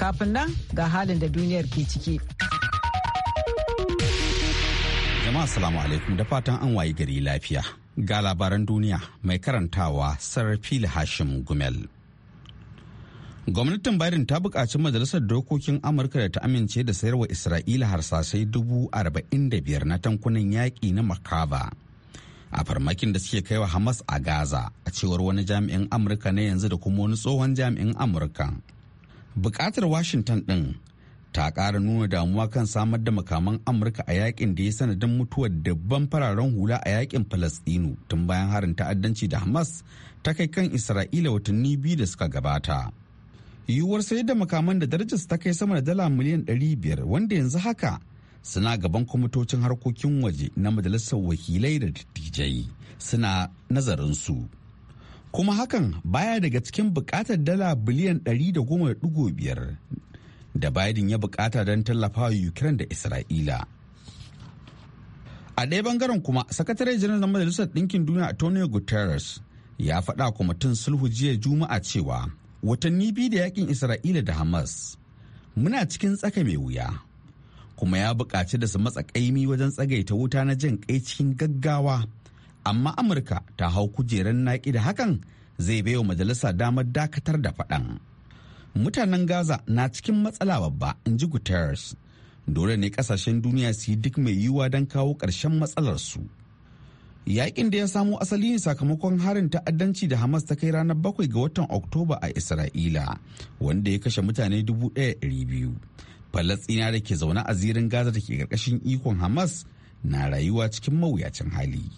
Kafin nan ga halin da duniyar ke ciki. Jama'a salamu alaikum da fatan an wayi gari lafiya. Ga labaran duniya mai karantawa Sarfil Hashim Gumel. Gwamnatin Biden ta buƙaci Majalisar Dokokin Amurka da ta amince da sayarwa Isra'ila harsasai dubu arba'in da biyar na tankunan yaƙi na makaba a farmakin da suke kaiwa Hamas a Gaza a cewar wani jami'in Amurka na yanzu da kuma wani tsohon jami'in Amurka. bukatar washington din ta ƙara nuna damuwa kan samar da makaman amurka a yakin da ya sanadin mutuwar dabban fararen hula a yakin falastinu tun bayan harin ta'addanci da hamas ta kai kan isra'ila watanni biyu da suka gabata yiwuwar sayar da makaman da darajarsu ta kai sama da dala miliyan 500 wanda yanzu haka suna gaban kwamitocin harkokin waje na majalisar wakilai da dattijai suna nazarin su kuma hakan baya daga cikin bukatar dala biliyan 110.5 da da Biden ya bukata don tallafawa Ukraine da Isra'ila. A ɗaya bangaren kuma, sakatare janar na Majalisar Ɗinkin Duniya Antonio Guterres ya faɗa kwamitin sulhu jiya Juma'a cewa watanni biyu da yakin Isra'ila da Hamas muna cikin tsaka mai wuya. Kuma ya buƙaci da su matsa ƙaimi wajen tsagaita wuta na jin kai cikin gaggawa amma amurka ta hau kujerar naƙi da hakan zai baiwa majalisa damar dakatar da faɗan mutanen gaza na cikin matsala babba in ji guterres dole ne kasashen duniya su yi duk mai yiwuwa don kawo ƙarshen matsalarsu yaƙin da ya samo asali ne sakamakon harin ta'addanci da hamas ta kai ranar bakwai ga watan oktoba a isra'ila wanda ya kashe mutane 1,200 falastina da ke zaune a zirin gaza da ke ƙarƙashin ikon hamas na rayuwa cikin mawuyacin hali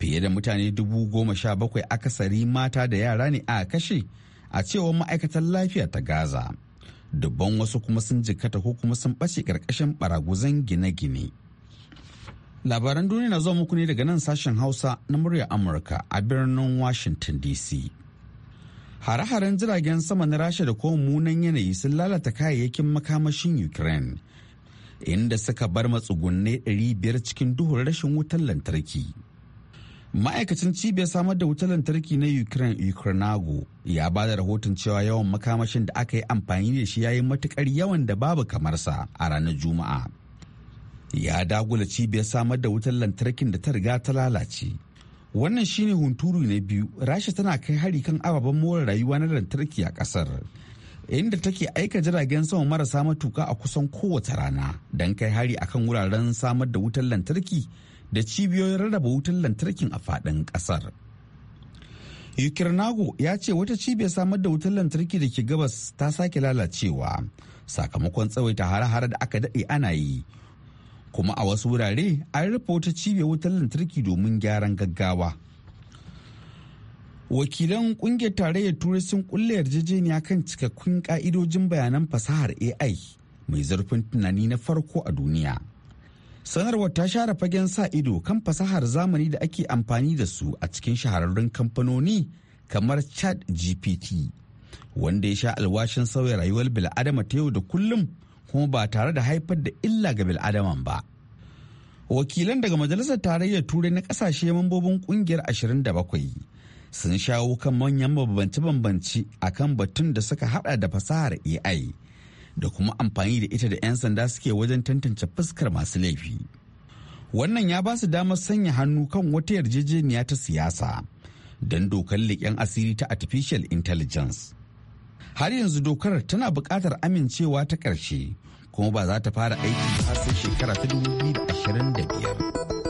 fiye da mutane dubu goma sha bakwai akasari mata da yara ne a kashe a cewar ma'aikatar lafiya ta gaza dubban wasu kuma sun jikata ko kuma sun ɓace ƙarƙashin baraguzan gine-gine labaran duniya na zuwa muku ne daga nan sashen hausa na muryar amurka a birnin washington dc hare-haren jiragen sama na rasha da kuma munan yanayi sun lalata kayayyakin makamashin ukraine inda suka bar matsugunne 500 cikin duhun rashin wutar lantarki ma'aikacin cibiyar samar da wutar lantarki na ukraine ukrainago ya ba da rahoton cewa yawan makamashin da aka yi amfani da shi yayin matukar yawan da babu kamarsa a ranar juma'a ya dagula cibiyar samar da wutar lantarkin da ta riga ta lalace wannan shine hunturu na biyu rasha tana kai hari kan ababen more rayuwa na lantarki a kasar inda take aika jiragen sama marasa matuka a kusan kowace rana don kai hari akan wuraren samar da wutar lantarki da cibiyoyin rarraba wutar lantarkin a faɗin ƙasar. Yukirnago ya ce wata cibiyar samar da wutar lantarki da ke gabas ta sake lalacewa sakamakon tsawaita hare-hare da aka daɗe ana yi. Kuma a wasu wurare an rufe wata cibiyar wutar lantarki domin gyaran gaggawa. Wakilan ƙungiyar tarayyar turai sun kulle yarjejeniya kan cikakkun ka'idojin bayanan fasahar AI mai zurfin tunani na farko a duniya sanarwar ta share fagen sa ido kan fasahar zamani da ake amfani da su a cikin shahararrun kamfanoni kamar chat gpt wanda ya sha alwashin sauya rayuwar bil'adama ta yau da kullum kuma ba tare da haifar da illa ga bil'adaman ba wakilan daga majalisar tarayyar turai na kasashe mambobin kungiyar 27 sun shawo kan manyan bambance bambance akan batun da suka hada da fasahar ai da kuma amfani da ita da 'yan sanda suke wajen tantance fuskar masu laifi wannan ya ba su damar sanya hannu kan wata yarjejeniya ta siyasa don dokar leƙen asiri ta artificial intelligence har yanzu dokar tana buƙatar amincewa ta ƙarshe kuma ba za ta fara aiki har sai shekara ta 2025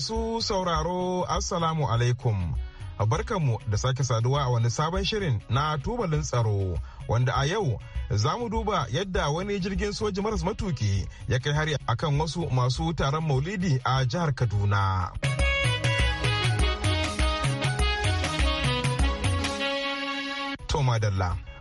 Masu sauraro Assalamu alaikum. Barkanmu da sake saduwa a wani sabon shirin na tubalin tsaro wanda a yau za mu duba yadda wani jirgin soji maras matuki ya kai hari akan wasu masu taron maulidi a jihar Kaduna. Toma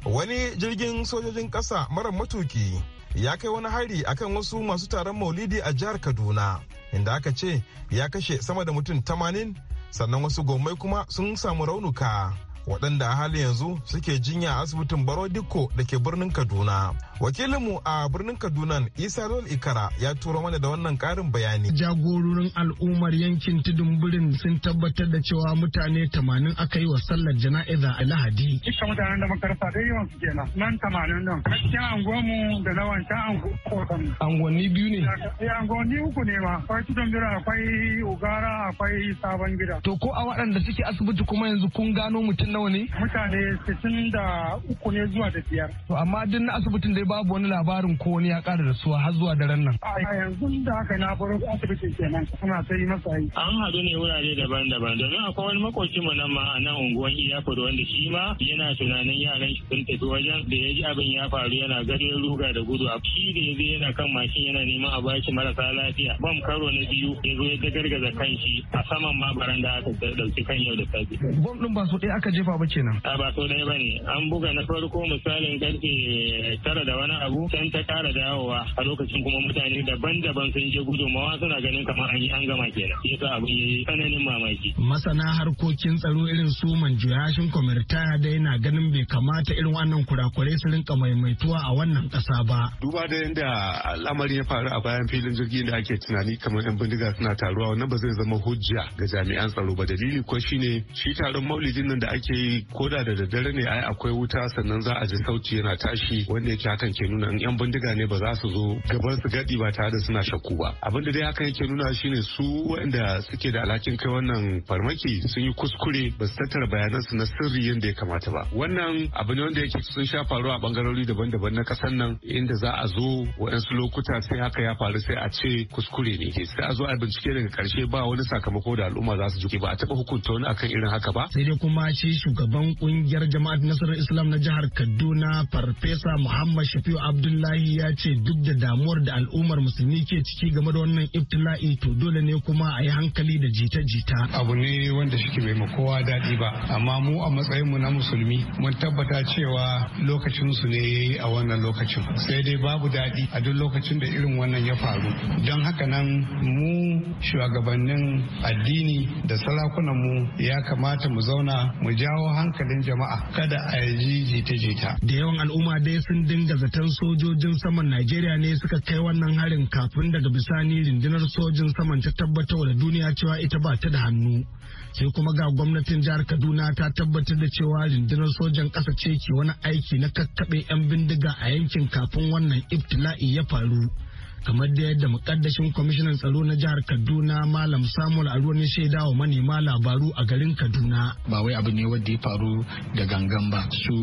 Wani jirgin sojojin kasa mara matuki ya kai wani hari akan wasu masu taron maulidi a jihar Kaduna. inda aka ce ya kashe sama da mutum 80 sannan wasu gomai kuma sun samu raunuka. waɗanda a halin yanzu suke jinya a asibitin baro dikko da ke birnin kaduna wakilinmu a birnin kaduna isa lol ikara ya turo mana da wannan ƙarin bayani jagororin al'ummar yankin tudun birin sun tabbatar da cewa mutane tamanin aka yi wa sallar jana'iza a lahadi mutanen da makarasa da yawan su kenan nan tamanin nan cikin anguwanmu da na wancan Angon anguwanni biyu ne eh, anguwanni uku ne ma akwai tudun birin akwai ugara akwai sabon gida to ko a waɗanda suke asibiti kuma yanzu kun gano mutum na nawa ne? Mutane 63 da ne zuwa da biyar. To amma duk na asibitin dai babu wani labarin ko wani ya kada da suwa har zuwa daren nan. A yanzu da haka na bar asibitin kenan suna ta yi masa yi. An haɗu ne wurare daban-daban domin akwai wani makoci mu nan ma a nan unguwan Iyako da wanda shi ma yana tunanin yaran shi sun tafi wajen da ya ji abin ya faru yana gare ruga da gudu a shi da ya yana kan mashin yana neman a bashi marasa lafiya bam karo na biyu ya zo ya dagargaza kan shi a saman ma baranda aka dauki kan yau da safe. Bom ɗin ba su ɗaya aka jefa kafa ba kenan. A ba so dai bane an buga na farko misalin karfe tara da wani abu can ta kara dawowa a lokacin kuma mutane daban-daban sun je gudunmawa suna ganin kamar an yi an gama kenan. sa abu yi tsananin mamaki. Masana harkokin tsaro irin su manjuyashin kwamirta da yana ganin bai kamata irin wannan kurakurai su rinka maimaituwa a wannan ƙasa ba. Duba da yadda al'amarin ya faru a bayan filin jirgin da ake tunani kamar 'yan bindiga suna taruwa wannan ba zai zama hujja ga jami'an tsaro ba dalili ko shine shi taron maulidin nan da ake ce ko da da daddare ne ai akwai wuta sannan za a ji sauti yana tashi wanda yake hakan ke nuna in yan bindiga ne ba za su zo gaban su gadi ba tare da suna shakku ba abin da dai hakan yake nuna shine su waɗanda suke da alhakin kai wannan farmaki sun yi kuskure ba su tattara bayanan su na sirri yadda ya kamata ba wannan abu ne wanda yake sun sha faruwa a bangarori daban-daban na ƙasar nan inda za a zo waɗansu lokuta sai haka ya faru sai a ce kuskure ne sai a zo a bincike daga karshe ba wani sakamako da al'umma za su ji ba a taɓa hukunta wani akan irin haka ba sai dai kuma shi shugaban kungiyar jama'at nasarar islam na jihar kaduna farfesa muhammad shafiu abdullahi ya ce duk da damuwar da al'ummar musulmi ke ciki game da wannan iftila'i to dole ne kuma a yi hankali da jita-jita abu ne wanda shike bai kowa daɗi ba amma mu a matsayin mu na musulmi mun tabbata cewa lokacin su ne a wannan lokacin sai dai babu daɗi a duk lokacin da irin wannan ya faru don haka nan mu shugabannin addini da sarakunan mu ya kamata mu zauna mu ja jawo hankalin jama'a kada a yi jita-jita. Da yawan al'umma dai sun dinga zaton sojojin saman Najeriya ne suka kai wannan harin kafin daga bisani rundunar sojin saman ta tabbatarwa da duniya cewa ita ba ta da hannu. Sai kuma ga gwamnatin jihar Kaduna ta tabbatar da cewa rundunar sojan ƙasa ce ke wani aiki na kakkaɓe 'yan bindiga a yankin kafin wannan ibtila'i ya faru. kamar da yadda mukaddashin kwamishinan tsaro na jihar kaduna malam samuel aruwani shaida wa manema labaru a garin kaduna ba wai abu ne wanda ya faru da gangan ba su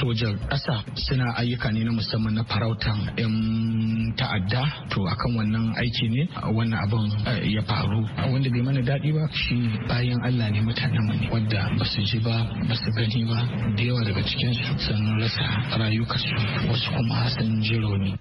sojan ƙasa suna ayyuka ne na musamman na farautan 'yan ta'adda to akan wannan aiki ne wannan abin eh, ya faru wanda bai mana daɗi ba shi bayan allah ne mutanen mu ne wanda ba su ji ba ba su gani ba da yawa daga cikin sun rasa rayukarsu wasu kuma sun ji rauni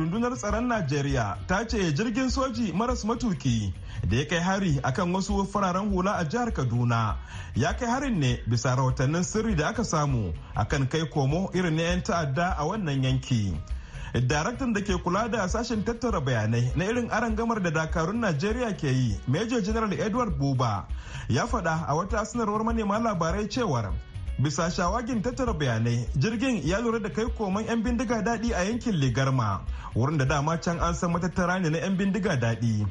rundunar tsaron najeriya ta ce jirgin soji maras matuki da ya kai hari akan wasu fararen hula a jihar kaduna ya kai harin ne bisa rahotannin sirri da aka samu akan kai komo irin na 'yan ta'adda a wannan yanki daraktan da ke kula da sashen tattara bayanai na irin gamar da dakarun najeriya ke yi major general edward buba ya faɗa a wata sanarwar manema labarai cewar bisa shawagin tattara bayanai jirgin ya lura da kai koman 'yan bindiga daɗi a yankin ligarma wurin da dama can an san matattara ne na 'yan bindiga daɗi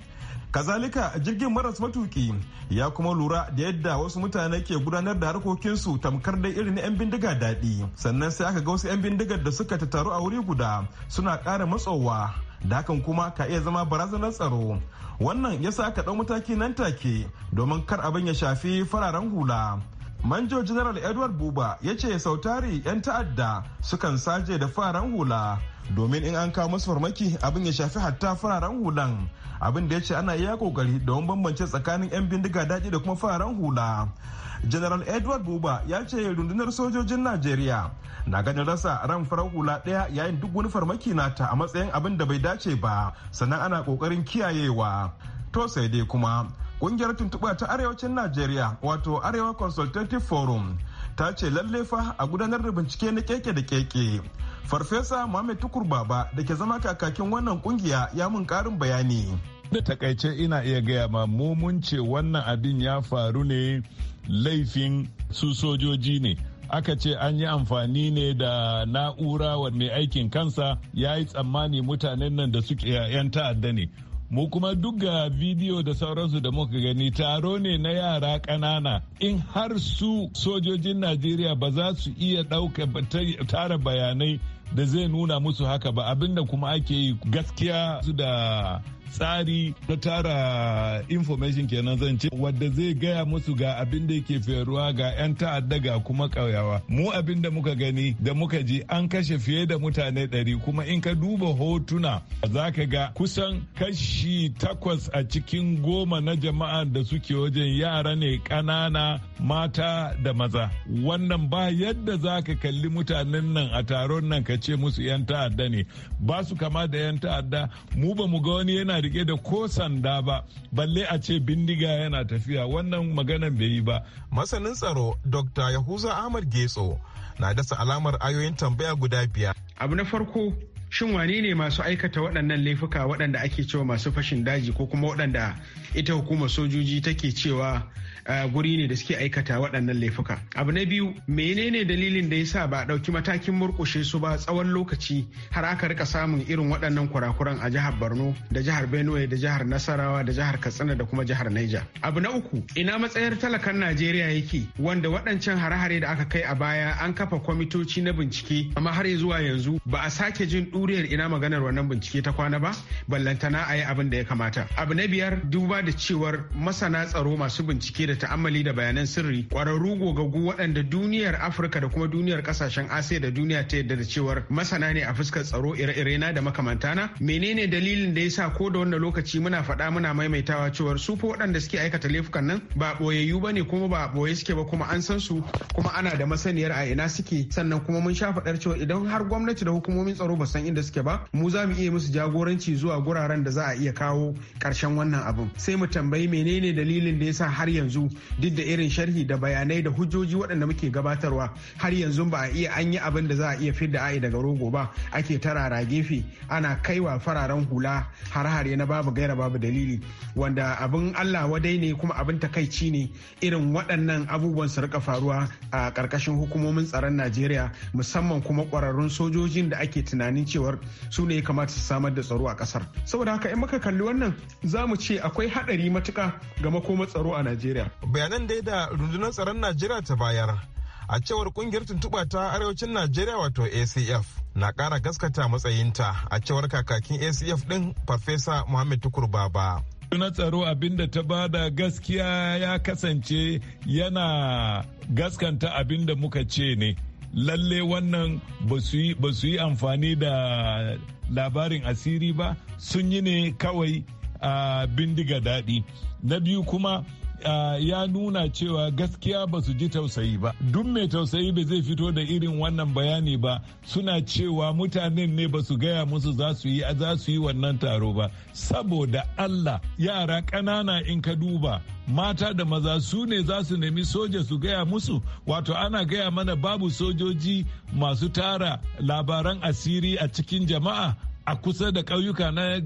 kazalika jirgin maras matuki ya kuma lura da yadda wasu mutane ke gudanar da harkokinsu tamkar da irin 'yan bindiga daɗi sannan sai aka ga wasu 'yan bindigar da suka tattaru a wuri guda suna kara matsowa da hakan kuma ka iya zama barazanar tsaro wannan ya sa aka ɗau mataki nan take domin kar abin ya shafi fararen hula manjo general edward buba ya ce sautari 'yan ta'adda sukan saje da fararen hula domin in an kawo masu farmaki abin ya shafi hatta fararen hulan abin da ya ce ana iya kokari don bambance tsakanin 'yan bindiga daji da kuma fararen hula general edward buba ya ce rundunar sojojin najeriya na ganin rasa ran farar hula ɗaya yayin duk wani farmaki nata a matsayin abin da bai dace ba sannan ana kokarin kiyayewa to sai dai kuma kungiyar tuntuɓa ta arewacin Najeriya wato Arewa Consultative Forum ta ce lalle fa a gudanar da bincike na keke da keke. Farfesa Mohammed Tukur Baba da ke zama kakakin wannan kungiya ya mun karin bayani. Da takaice ina iya gaya ma mu mun ce wannan abin ya faru ne laifin su sojoji ne. aka ce an yi amfani ne da na'ura mai aikin kansa ya yi tsammani mutanen nan da suke 'yan ta'adda ne mu kuma duk ga bidiyo da sauransu da muka gani taro ne na yara ƙanana in har su sojojin najeriya ba za su iya ɗauka tara bayanai da zai nuna musu haka ba abinda kuma ake yi gaskiya su da tsari na tara information kenan zan ce wadda zai gaya musu ga abin da yake faruwa ga 'yan ta'adda ga kuma ƙauyawa mu abin da muka gani da muka ji an kashe fiye da mutane ɗari kuma in ka duba hotuna za ka ga kusan kashi takwas a cikin goma na jama'a da suke wajen yara ne ƙanana mata da maza wannan ba yadda za ka kalli mutanen nan a taron nan ka ce musu 'yan ta'adda ne ba su kama da 'yan ta'adda mu ba mu ga wani yana rike da ko sanda ba balle a ce bindiga yana tafiya wannan maganan bai yi ba masanin tsaro dr yahuza ahmad getso na dasa alamar ayoyin tambaya guda biyar abu na farko shin wane ne masu aikata waɗannan laifuka waɗanda ake cewa masu fashin daji ko kuma waɗanda ita hukumar sojoji take cewa Eh, guri ne da suke aikata waɗannan laifuka abu na biyu menene dalilin da yasa ba a ɗauki matakin murƙushe su ba tsawon lokaci har aka rika samun irin waɗannan kurakuran a jihar borno da jihar benue da jihar nasarawa da jihar katsina da kuma jihar niger abu na uku ina matsayar talakan najeriya yake wanda waɗancan hare-hare da aka kai a baya an kafa kwamitoci na bincike amma har zuwa yanzu ba a sake jin ɗuriyar ina maganar wannan bincike ta kwana ba ballantana a yi abin da ya kamata abu na biyar duba da cewar masana tsaro masu bincike da ta'ammali da bayanan sirri kwararru gogaggu waɗanda duniyar afirka da kuma duniyar kasashen asiya da duniya ta yadda da cewar masana ne a fuskar tsaro ire-ire na da makamantana menene dalilin da ya sa ko da wannan lokaci muna faɗa muna maimaitawa cewar su fa waɗanda suke aikata laifukan nan ba ɓoyayyu ba ne kuma ba ɓoye suke ba kuma an san su kuma ana da masaniyar a ina suke sannan kuma mun sha faɗar cewa idan har gwamnati da hukumomin tsaro ba san inda suke ba mu za mu iya musu jagoranci zuwa guraren da za a iya kawo ƙarshen wannan abin sai mu tambayi menene dalilin da yasa har yanzu duk da irin sharhi da bayanai da hujjoji waɗanda muke gabatarwa har yanzu ba a iya an yi abin da za a iya fidda ai daga rogo ba ake tarara gefe ana kaiwa fararen hula har-hare na babu gaira babu dalili wanda abin allah wadai ne kuma abin takaici ne irin waɗannan abubuwan su rika faruwa a ƙarƙashin hukumomin tsaron najeriya musamman kuma ƙwararrun sojojin da ake tunanin cewar su ne ya kamata su samar da tsaro a ƙasar saboda haka in muka kalli wannan za mu ce akwai haɗari matuƙa ga makomar tsaro a najeriya bayanan dai da rundunar tsaron najeriya ta bayar a cewar kungiyar tuntuɓa ta arewacin najeriya wato acf na ƙara gaskata matsayinta a cewar kakakin acf ɗin farfesa muhammad tukur baba na tsaro abinda ta bada gaskiya ya kasance yana gaskanta abinda muka ce ne lalle wannan ba su yi amfani da labarin asiri ba sun yi ne kawai a bindiga daɗi na biyu kuma ya nuna cewa gaskiya ba su ji tausayi ba duk mai tausayi ba zai fito da irin wannan bayani ba suna cewa mutanen ne ba su gaya musu za su yi za su yi wannan taro ba saboda allah yara ƙanana in ka duba mata da maza su ne za su nemi soja su gaya musu wato ana gaya mana babu sojoji masu tara labaran asiri a cikin jama'a a kusa da ƙauyuka na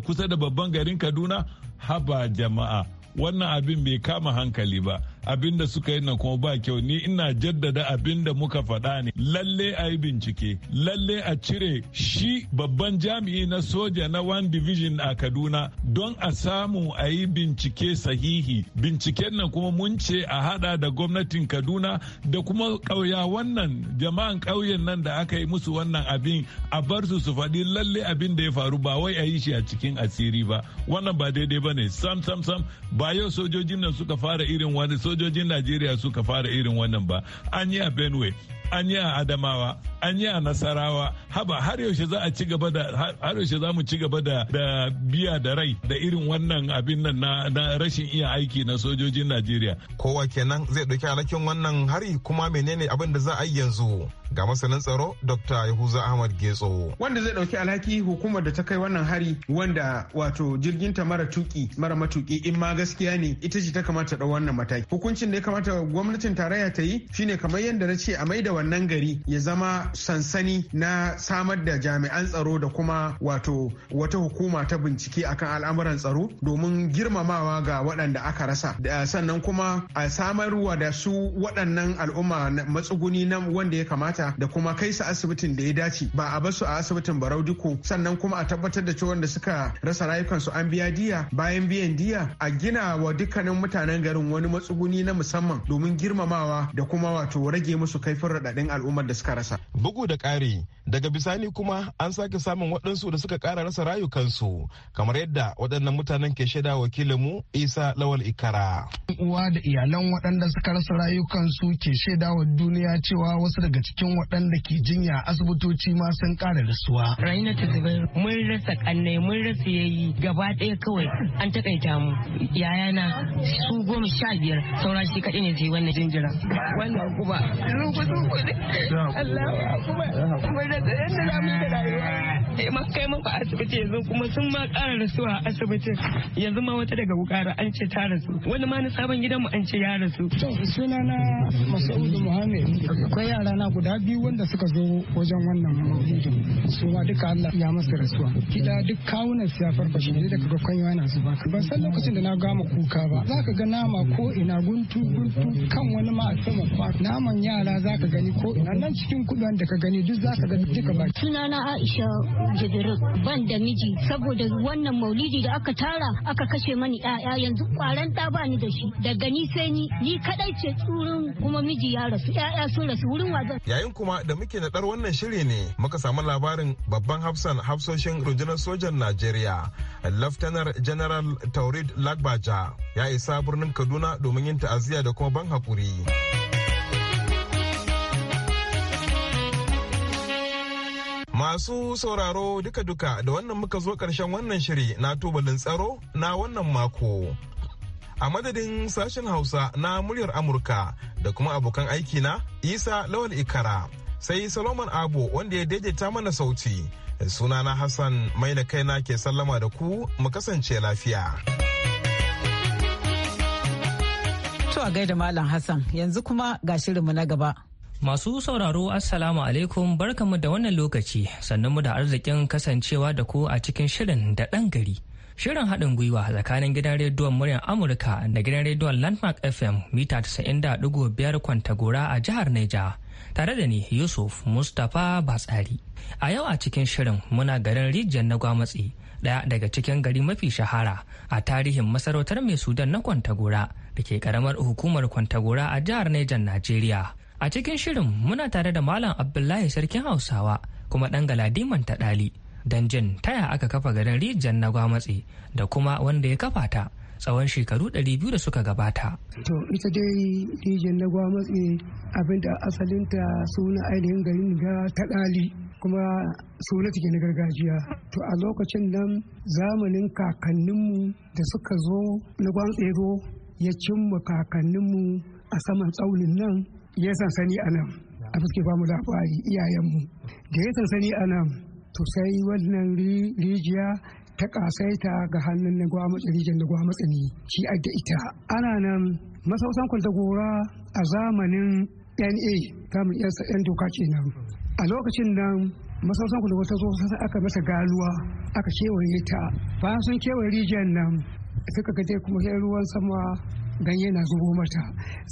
kusa da babban garin kaduna haba jama'a wannan abin bai kama hankali ba abin da suka yi nan kuma ba kyau ni ina jaddada abin da muka faɗa ne lalle a yi bincike lalle a cire shi babban jami'i na soja na one division a kaduna don a samu a yi bincike sahihi binciken nan kuma mun ce a hada da gwamnatin kaduna da kuma ƙauya wannan jama'an ƙauyen nan da aka yi musu wannan abin a bar su su faɗi lalle abin da ya faru ba wai a yi shi a cikin asiri ba wannan ba daidai ba ne sam sam sam ba yau sojojin nan suka fara irin wani soja sojojin najeriya suka fara irin wannan ba an yi a benue an yi a adamawa an yi a nasarawa haba har yaushe za a ci gaba da har yaushe za mu ci gaba da biya da rai da irin wannan abin nan na rashin iya aiki na sojojin najeriya kowa kenan zai ɗauki alhakin wannan hari kuma menene abin da za a yi yanzu ga masanin tsaro Dr. Yahuza Ahmad Getso. Wanda zai dauki alhaki hukumar da ta kai wannan hari wanda wato jirgin ta mara tuki mara matuki in ma gaskiya ne ita ce ta kamata da wannan mataki. Hukuncin da ya kamata gwamnatin tarayya ta yi shine kamar yadda na ce a maida wannan gari ya zama sansani na samar da jami'an tsaro da kuma wato wata hukuma ta bincike akan al'amuran tsaro domin girmamawa ga waɗanda aka rasa. Da Sannan kuma a samarwa da su waɗannan al'umma matsuguni na wanda ya kamata da kuma kai su asibitin da ya dace ba a basu a asibitin barau sannan kuma a tabbatar da cewa da suka rasa rayukansu an biya diya bayan biyan diya a gina wa dukkanin mutanen garin wani matsuguni na musamman domin girmamawa da kuma wato rage musu kaifin raɗaɗin al'ummar da suka rasa. Bugu da ƙari daga bisani kuma an sake samun waɗansu da suka ƙara rasa rayukansu kamar yadda waɗannan mutanen ke shaida wakilinmu Isa Lawal Ikara. Uwa da iyalan waɗanda suka rasa rayukansu ke shaida wa duniya cewa wasu daga cikin cikin waɗanda ke jinya asibitoci ma sun ƙara rasuwa. Raina ta mun rasa ƙannai mun rasa yayi gaba ɗaya kawai an takaita mu yayana su goma sha biyar saura shi kaɗai ne zai wannan jinjira. Wannan kuma rugu-rugu ne. Allah kuma kuma da tsayen za mu da rayuwa. Ma kai mafa asibiti yanzu kuma sun ma ƙara rasuwa a asibitin yanzu ma wata daga wukara an ce ta rasu wani ma na sabon gidan mu an ce ya rasu. Sunana Masaudu Muhammad akwai yara na guda guda biyu wanda suka zo wajen wannan maulidin su ma duka Allah ya masa rasuwa kida duk kawunan su ya ne daga ga kwanya yana zuba ban san lokacin da na gama kuka ba za ka ga nama ko ina guntu guntu kan wani ma a sama kwa naman yara za ka gani ko ina nan cikin kudin da ka gani duk za ka gani duka ba sunana Aisha Jibril ban da miji saboda wannan maulidi da aka tara aka kashe mani ƴaƴa yanzu kwaran ɗa ba ni da shi daga ni sai ni ni kadai ce tsurun kuma miji ya rasu ƴaƴa sun rasu wurin wazan yayin kuma da muke naɗar wannan shiri ne muka samu labarin babban hafsan hafsoshin rundunar sojan najeriya laftanar general taurid lagbaja ya isa birnin kaduna domin yin ta'aziyya da kuma ban haƙuri. Masu sauraro duka-duka da wannan muka zo ƙarshen wannan shiri na tubalin tsaro na wannan mako. a madadin sashen hausa na muryar amurka da kuma abokan aiki na isa lawal ikara sai solomon abu wanda ya daidaita mana sauti sunana hassan mai kaina ke sallama da ku mu kasance lafiya to a gaida malam hassan yanzu kuma ga shirinmu na gaba Masu sauraro Assalamu alaikum barkamu da wannan lokaci sannan mu da arzikin kasancewa da ku a cikin shirin da ɗan gari Shirin haɗin gwiwa tsakanin gidan rediyon muryar Amurka da gidan rediyon Landmark FM mita tisa-in-da 90.5 Kwantagora a jihar Neja. Tare da ni Yusuf Mustapha Batsari. A yau a cikin shirin muna garin rijiyar na gwamatsi ɗaya daga cikin gari mafi shahara a tarihin masarautar mai sudan na Kwantagora da ke karamar hukumar Kwantagora a jihar Neja, Najeriya. A cikin shirin muna tare da Malam Abdullahi Sarkin Hausawa kuma ɗan Galadiman ɗali. don jin taya aka kafa garin rijiyar na gwamatsi da kuma wanda ya kafa ta tsawon shekaru 200 da suka gabata. To ita dai rijiyar na gwamatsi abinda asalinta suna ainihin garin ga ta ɗali kuma suna take na gargajiya. To a lokacin nan zamanin kakanninmu da suka zo na gwamtse zo ya cimma kakanninmu a saman tsaunin nan ya sansani a nan. A fuske ba mu labari iyayenmu da ya sansani a nan to sai wannan rijiya ta kasaita ga hannun na gwamnati rijiyar na gwamnati ne shi adda ita ana nan masausan gora a zamanin na iya yan doka kenan a lokacin nan masausan gora ta zo aka masa galuwa aka kewaye ta bayan sun kewaye rijiyar nan suka gaje kuma ruwan sama ganye na zubo mata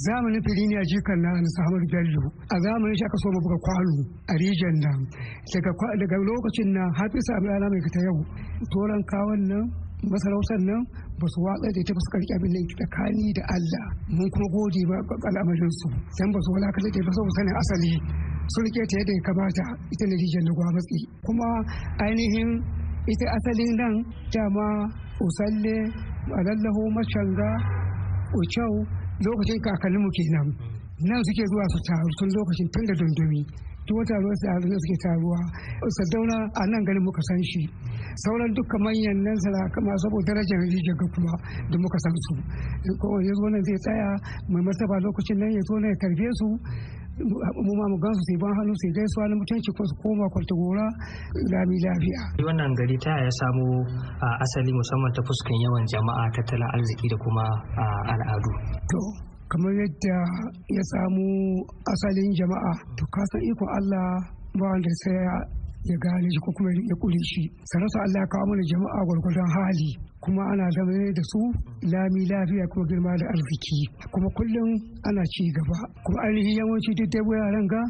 zamanin firiniya jikan na samar Bello a zamanin shi aka so buga kwano a rijiyar nan daga lokacin na Hafisa Abdullahi mai ta yau toran kawon nan masarautar nan ba su watsa da ita ba su karki abin nan tsakani da Allah mun kuma gode ba al'amarin su san ba su walakata da ba su sanin asali sun rike ta yadda ya kamata ita ne rijiyar na gwamatsi kuma ainihin ita asalin nan dama usalle alallahu mashanga kyau lokacin kakanninmu kenan nan suke zuwa su taru tun lokacin tun da dundumi wasu wata ruwan sararin suke taruwa sadauna a nan ganin muka san shi sauran dukkan manyan nan kama saboda rajin rijiyar ga kuma da muka san su ya zo nan zai tsaya mai martaba lokacin nan ya zo nan ya tarbe su mu ma mu gan su sai ban hannu sai su na mutunci ko su koma kwalta gora lami lafiya. wannan gari ta ya samo asali musamman ta fuskan yawan jama'a tattalin arziki da kuma al'adu. kamar yadda ya samu asalin jama'a to kasan ikon Allah ba wanda sai ya gane shi ko kuma ya kure shi sarasa Allah ya kawo mana jama'a gwargwadon hali kuma ana zama da su lami lafiya kuma girma da arziki kuma kullum ana ci gaba kuma ainihin yawanci duk dai wuraren ga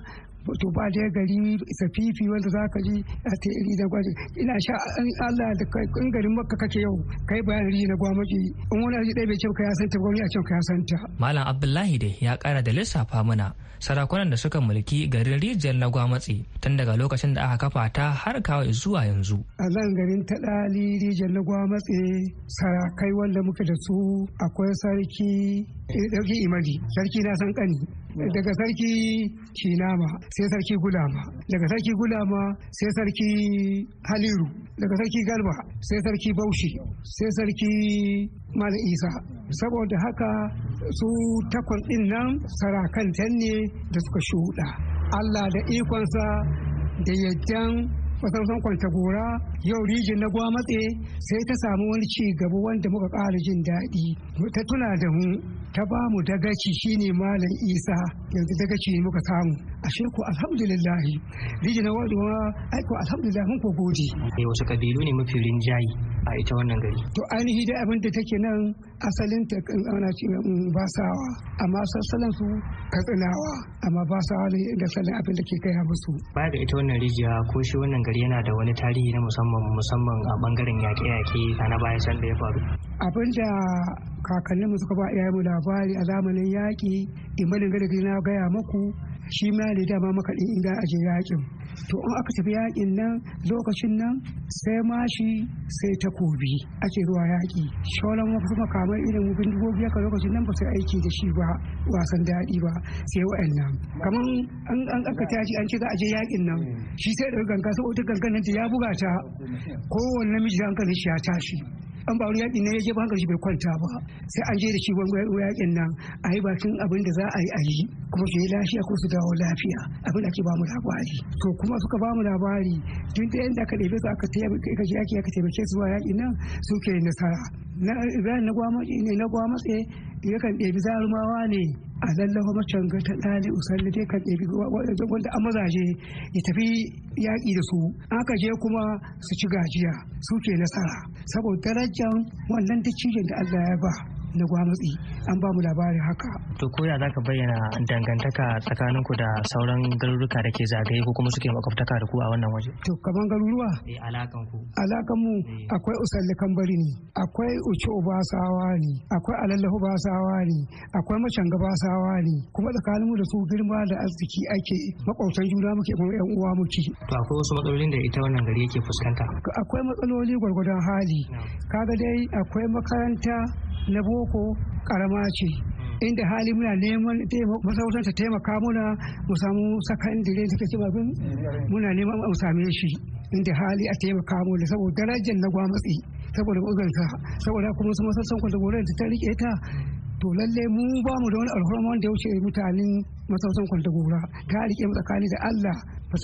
wato ba dai gari safifi wanda za ka ji a ta iri da gwaji ina sha an Allah da in garin makka kake yau kai bayan iri na gwamnati in wani aji ɗaya bai ce ka ya santa gwamnati a ce ka ya santa. Malam Abdullahi dai ya ƙara da lissafa mana sarakunan da suka mulki garin rijiyar na gwamnati tun daga lokacin da aka kafa ta har kawai zuwa yanzu. A nan garin ta ɗali rijiyar na gwamnati sarakai wanda muke da su akwai sarki ɗauki eh, imari sarki na san kani daga sarki kinama sai sarki gulama daga sarki gulama sai sarki haliru daga sarki galba sai sarki baushi sai sarki mala isa saboda haka su takwas ɗin nan sarakantan ne da suka shuɗa allah da ikonsa da yaddan kwasan kwanta gora yau rijin na gwamatse sai ta samu wani ci gaba wanda muka ƙara jin daɗi ta tuna da mu ta ba mu dagaci shine malam isa yanzu dagaci ne muka samu ashe ko alhamdulillah rijina waduwa ai ko alhamdulillah mun ko gode eh, wasu kabilu ne mafi rinjayi a ita wannan gari to ainihi da abin da take nan asalin ta ana ce mm, basawa amma sassalan su katsinawa amma basawa ne da salin abin da ke kai ha musu baya ga ita wannan rijiya ko shi wannan gari yana da wani tarihi na musamman musamman a bangaren yaƙe-yaƙe na baya san da ya faru Abin da kakanninmu suka ba iyayenmu labari a zamanin yaƙi imalin gargaji na gaya muku shi ma da dama makaɗin inda aje yaƙin to in aka tafi yaƙin nan lokacin nan sai mashi sai takobi ake zuwa yaƙi shauran wasu makamai irin mufin dubobi haka lokacin nan ba sai aiki da shi ba wasan daɗi ba sai wa'annan kamar an aka tashi an ce za a je yaƙin nan shi sai da ganga saboda gangan nan ta ya buga ta kowane namiji da hankalin shi ya tashi an ba wani yaƙi ne ya je ba shi bai kwanta ba sai an je da shi wani yaƙin nan a yi bakin abin da za a yi a yi kuma su yi lafiya ko su dawo lafiya abin da ake ba mu labari to kuma suka ba mu labari tun da yadda aka ɗebe su aka taimaka yaƙi aka taimake su ba yaƙi nan suke nasara na gwamnati ne na gwamnati yakan ɗebi zarumawa ne a lallawa macen ga ta tsali usalli dai kan ɗabi wanda a mazaje ya tafi yaƙi da su aka je kuma su ci gajiya su ke nasara saboda darajar wannan dacijin da Allah ya ba na gwamnati an ba mu labarin haka to koya zaka bayyana dangantaka tsakanin ku da sauran garuruka da ke zagaye ko kuma suke makwabtaka da ku a wannan waje to kaman garuruwa eh alakan ku alakan mu eh. akwai usalle kambari ne akwai uce ubasawa ne akwai alallahu basawa ne akwai macanga basawa ne kuma tsakanin mu da su girma da arziki ake makwabtan juna muke kuma yan uwa muke to akwai wasu matsalolin da ita wannan gari yake fuskanta akwai matsaloli gwargwadon hali kaga dai akwai makaranta na boko boko karama ce hmm. inda hali muna neman masarautar ta taimaka muna mu samu sakandire suka ci babin hmm. muna neman mu same shi inda hali a taimaka muna saboda darajar na gwamatsi saboda ugansa saboda kuma su masassan kwaldogoron da ta rike ta to lalle mu ba mu da wani alhurma wanda ya wuce mutanen masautan gora ta rike mu tsakani da Allah ba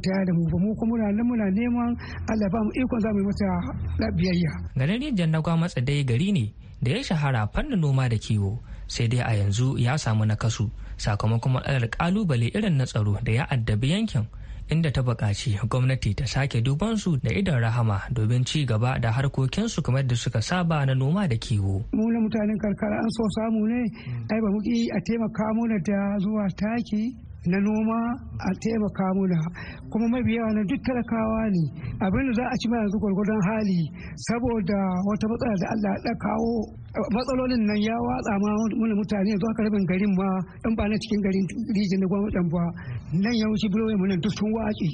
ta da mu ba mu kuma muna nan muna neman Allah ba mu ikon za mu yi mata biyayya garin rijiyar na gwamatsa dai gari ne da ya shahara fannin noma da kiwo sai dai a yanzu ya samu nakasu sakamakon matsalar kalubale irin na tsaro da ya addabi yankin inda ta buƙaci gwamnati ta sake duban su da idan rahama domin ci gaba da harkokinsu kamar da suka saba na noma da kiwo. Mu mutanen karkara an so samu ne, ai ba muki a taimaka mana da zuwa taki na noma a taimaka muna kuma mabiya na duk talakawa ne abinda za a ci mana yanzu gwargwadon hali saboda wata matsala da Allah ya kawo matsalolin nan ya watsa ma wani mutane yanzu aka rabin garin ma dan ba na cikin garin rijin da gwamnati ba nan ya wuce biloyin mu duk sun waƙi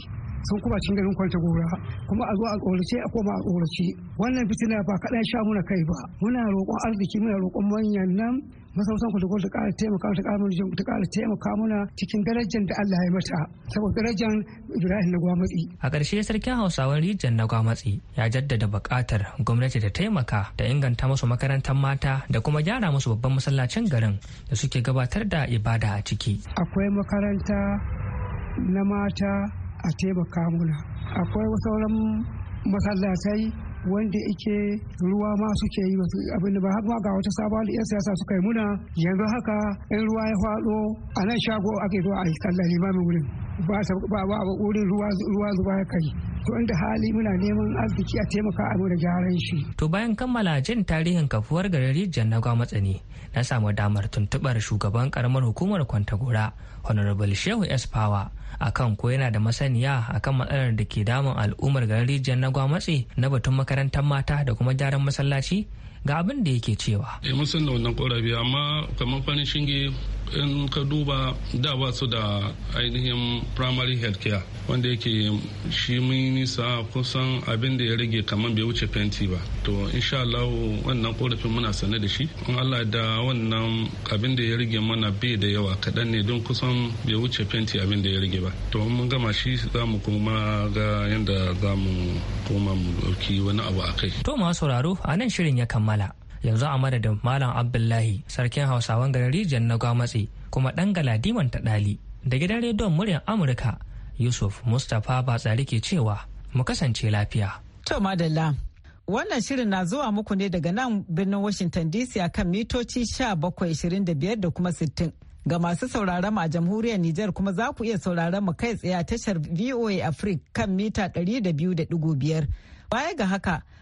sun kuma cikin garin kwanta gora kuma a zo a tsorace a koma a tsorace wannan fitina ba kaɗan sha muna kai ba muna roƙon arziki muna roƙon manyan nan masautan ku da ƙara taimaka ta ƙara mulkin ta ƙara taimaka mana cikin darajar da Allah ya mata saboda darajar Ibrahim na gwamnati. A ƙarshe sarkin Hausawan Rijiyar na gwamnati ya jaddada buƙatar gwamnati ta taimaka da inganta musu makarantar mata da kuma gyara musu babban masallacin garin da suke gabatar da ibada a ciki. Akwai makaranta na mata a taimaka muna akwai sauran masallatai wanda ike ruwa ma suke yi wasu abin ba haka ga wata sabon da 'yan siyasa suka yi muna yanzu haka in ruwa ya faɗo a nan shago ake zuwa a yi kallon limamin wurin ba ba wurin ruwa zuba ya kai to inda hali muna neman arziki a taimaka a da gyaran shi to bayan kammala jin tarihin kafuwar garin rijiyar na na samu damar tuntubar shugaban karamar hukumar kwantagora honorable shehu s power akan ko yana da masaniya akan matsalar da ke damun al'ummar garin rijiyar na na batun makarantar mata da kuma gyaran masallaci ga abin da yake cewa. Eh mun san wannan korafi amma kamar farin shinge in ka duba da ba su da ainihin primary health care wanda yake shi mun nisa kusan abin da ya rage kamar bai wuce fenti ba to insha Allah wannan korafin muna sane da shi in Allah da wannan abin da ya rage mana bai da yawa kaɗan ne don kusan bai wuce fenti abin da ya rage ba to mun gama shi za mu kuma ga yadda za mu koma mu ɗauki wani abu a kai to masu sauraro a nan shirin ya kammala yanzu a madadin malam abdullahi sarkin hausawan garin rijiyar na gwamatse kuma ɗan galadiman ta ɗali da gidan rediyon muryar amurka yusuf mustapha batsari ke cewa mu kasance lafiya. to madalla wannan shirin na zuwa muku ne daga nan birnin washington dc a kan mitoci sha bakwai 1725 da kuma sittin ga masu sauraron a jamhuriyar Nijar kuma za ku iya sauraron mu kai tsaye a tashar VOA Africa kan mita ɗari da da biyu 200.5. Baya ga haka,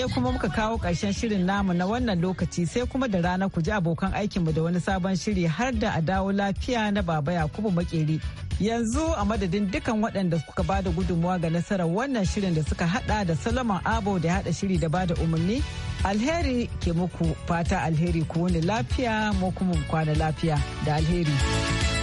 ne kuma muka kawo ƙarshen shirin namu na wannan lokaci sai kuma da rana ku ji abokan aikinmu da wani sabon shiri har da a dawo lafiya na baba yakubu makeri yanzu a madadin dukan waɗanda suka ba da gudunmuwa ga nasarar wannan shirin da suka hada da saloman abo da ya hada shiri da ba da umarni alheri ke muku fata alheri ku wani lafiya mu kuma kwana lafiya da alheri.